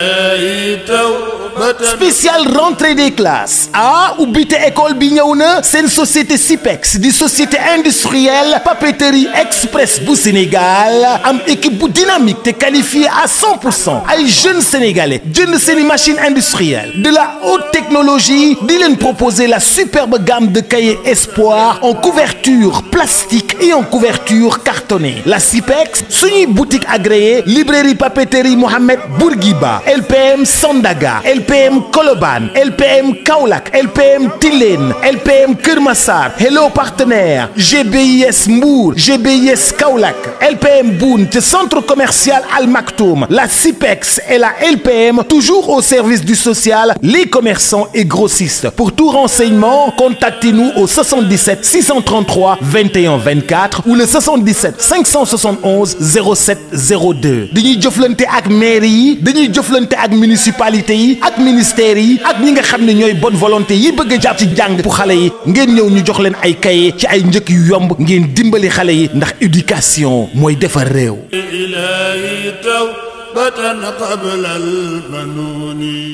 Então... spécial rentrée des classes ah ubbite école bi c'est une société SIPEX Une société industrielle papeterie express Bou Sénégal une équipe dynamique qualifiée à 100 à jeunes sénégalais série série machine industrielle de la haute technologie di proposer la superbe gamme de cahiers Espoir en couverture plastique et en couverture cartonnée la SIPEX une boutique agréée librairie papeterie Mohamed Bourguiba LPM Sandaga LPM LPM Koloban LPM Kaulak, LPM Tilène LPM Kurmasar. Hello Partenaires, GBIS Mbour GBIS Kaulak, LPM Boun centre commercial Al Maktoum la CIPEX et la LPM toujours au service du social les commerçants et grossistes pour tout renseignement contactez-nous au 77 633 21 24 ou le 77 571 07 02 municipalité ministère yi ak ñi nga xam ne ñooy bonne volonté yi bëgg a jàpp ci jàng bu xale yi ngeen ñëw ñu jox leen ay kaye ci ay njëkk yu yomb ngeen dimbali xale yi ndax éducation mooy defar réew batan qabla al-manuuni